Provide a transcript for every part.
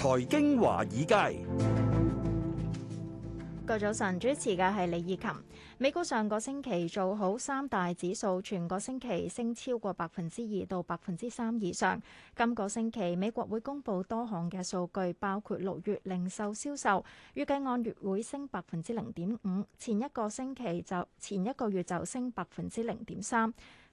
財經華爾街，各早晨主持嘅係李以琴。美股上個星期做好三大指數，全個星期升超過百分之二到百分之三以上。今個星期美國會公布多項嘅數據，包括六月零售銷售，預計按月會升百分之零點五，前一個星期就前一個月就升百分之零點三。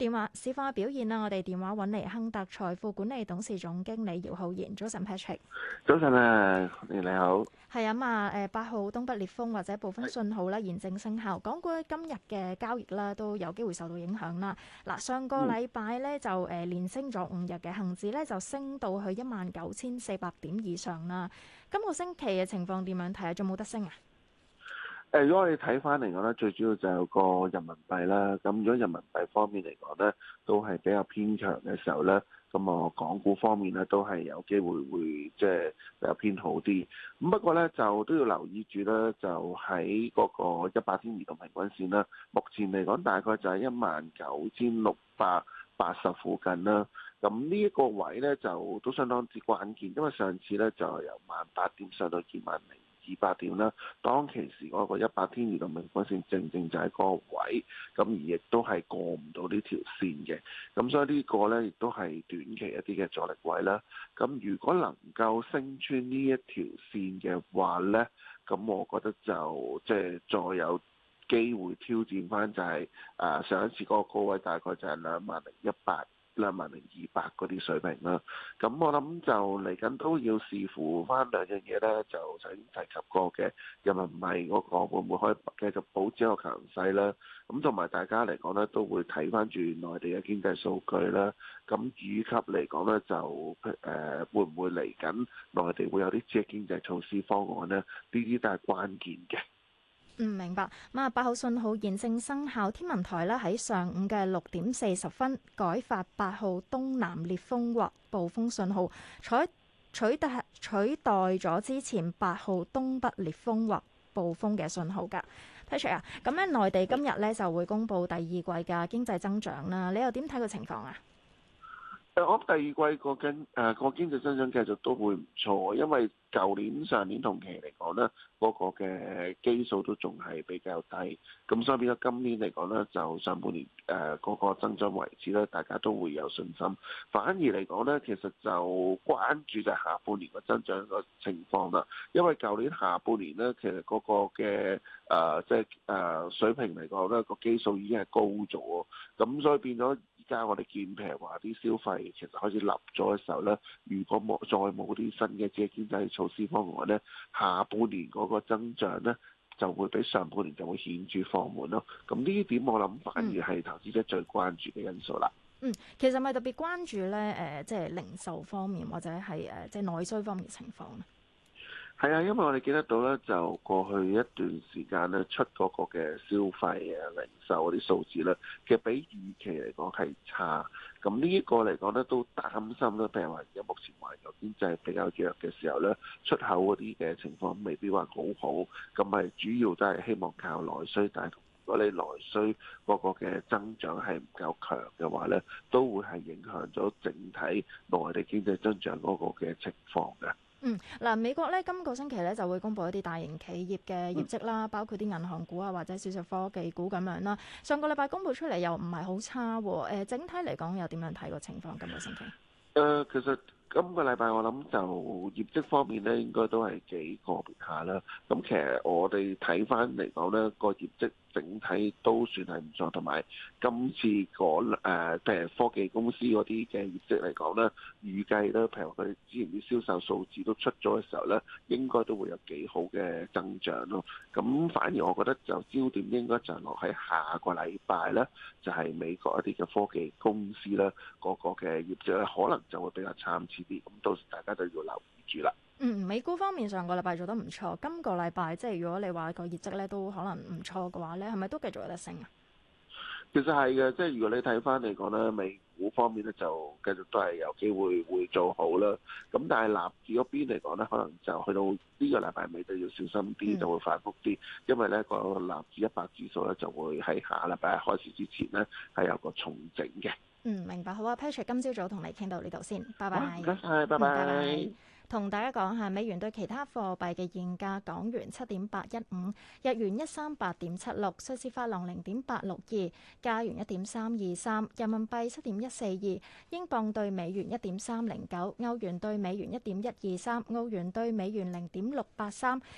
電話市況嘅表現啦，我哋電話揾嚟亨達財富管理董事總經理姚浩然，早晨上 Patrick。早晨啊，你好。係啊嘛，誒八號東北烈風或者暴風信號咧，是現正生效，港股今日嘅交易啦都有機會受到影響啦。嗱，上個禮拜咧就誒連升咗五日嘅恒指咧就升到去一萬九千四百點以上啦。今個星期嘅情況點樣睇下仲冇得升啊？誒，如果我哋睇翻嚟講咧，最主要就係個人民幣啦。咁如果人民幣方面嚟講咧，都係比較偏強嘅時候咧，咁我港股方面咧都係有機會會即係比較偏好啲。咁不過咧，就都要留意住咧，就喺嗰個一百天移動平均線啦。目前嚟講，大概就係一萬九千六百八十附近啦。咁呢一個位咧，就都相當之關鍵，因為上次咧就由萬八點上到二萬零二百點啦，當其時嗰個一百天移動平均線正正就係個位，咁而亦都係過唔到呢條線嘅，咁所以呢個呢，亦都係短期一啲嘅阻力位啦。咁如果能夠升穿呢一條線嘅話呢，咁我覺得就即係再有機會挑戰翻就係、是、啊、呃、上一次嗰個高位大概就係兩萬零一百。兩萬零二百嗰啲水平啦，咁我諗就嚟緊都要視乎翻兩樣嘢咧，就曾經提及過嘅人民幣嗰個會唔會可以繼續保持個強勢啦。咁同埋大家嚟講咧，都會睇翻住內地嘅經濟數據啦。咁以及嚟講咧，就誒、呃、會唔會嚟緊內地會有啲嘅經濟措施方案咧？呢啲都係關鍵嘅。唔、嗯、明白。咁啊，八號信號現正生效。天文台咧喺上午嘅六點四十分改發八號東南烈風或暴風信號，取、取代、取代咗之前八號東北烈風或暴風嘅信號㗎。Patrick 啊，咁咧，內地今日咧就會公布第二季嘅經濟增長啦。你又點睇個情況啊？誒，我第二季個經誒個經濟增長繼續都會唔錯，因為舊年上年同期嚟講咧，嗰個嘅基數都仲係比較低，咁所以變咗今年嚟講咧，就上半年誒個增長維持咧，大家都會有信心。反而嚟講咧，其實就關注就下半年個增長個情況啦，因為舊年下半年咧，其實嗰個嘅誒即係誒水平嚟講咧，個基數已經係高咗，咁所以變咗。而家我哋見譬如話啲消費其實開始立咗嘅時候咧，如果冇再冇啲新嘅即經濟措施方案咧，下半年嗰個增長咧就會比上半年就會顯著放緩咯。咁呢啲點我諗反而係投資者最關注嘅因素啦。嗯，其實咪特別關注咧？誒、呃，即係零售方面或者係誒、呃、即內需方面嘅情況。係啊，因為我哋記得到咧，就過去一段時間咧，出嗰個嘅消費啊、零售嗰啲數字咧，其實比預期嚟講係差。咁呢一個嚟講咧，都擔心啦，譬如話而家目前環球經濟比較弱嘅時候咧，出口嗰啲嘅情況未必話好好。咁係主要都係希望靠內需，但係如果你內需嗰個嘅增長係唔夠強嘅話咧，都會係影響咗整體內地經濟增長嗰個嘅情況嘅。嗯，嗱、啊，美國咧今個星期咧就會公布一啲大型企業嘅業績啦，包括啲銀行股啊或者少少科技股咁樣啦。上個禮拜公佈出嚟又唔係好差、啊，誒、呃，整體嚟講又點樣睇個情況咁嘅心情？其實今個禮拜我諗就業績方面咧，應該都係幾個別下啦。咁其實我哋睇翻嚟講呢個業績。整體都算係唔錯，同埋今次嗰誒誒科技公司嗰啲嘅業績嚟講呢，預計呢，譬如佢之前啲銷售數字都出咗嘅時候呢，應該都會有幾好嘅增長咯。咁反而我覺得就焦點應該就落喺下個禮拜呢，就係美國一啲嘅科技公司呢，嗰個嘅業績呢，可能就會比較參差啲。咁到時大家就要留意住啦。嗯，美股方面上個禮拜做得唔錯，今個禮拜即係如果你話個業績咧都可能唔錯嘅話咧，係咪都繼續有得升啊？其實係嘅，即係如果你睇翻嚟講咧，美股方面咧就繼續都係有機會會做好啦。咁但係納指嗰邊嚟講咧，可能就去到呢個禮拜尾就要小心啲、嗯那個，就會反覆啲，因為咧個納指一百指數咧就會喺下禮拜開始之前咧係有個重整嘅。嗯，明白。好啊，Patrick，今朝早同你傾到呢度先，拜拜、啊。唔該、啊，拜拜。嗯，拜拜同大家講下美元對其他貨幣嘅現價：港元七點八一五，日元一三八點七六，瑞士法郎零點八六二，加元一點三二三，人民幣七點一四二，英鎊對美元一點三零九，歐元對美元一點一二三，澳元對美元零點六八三。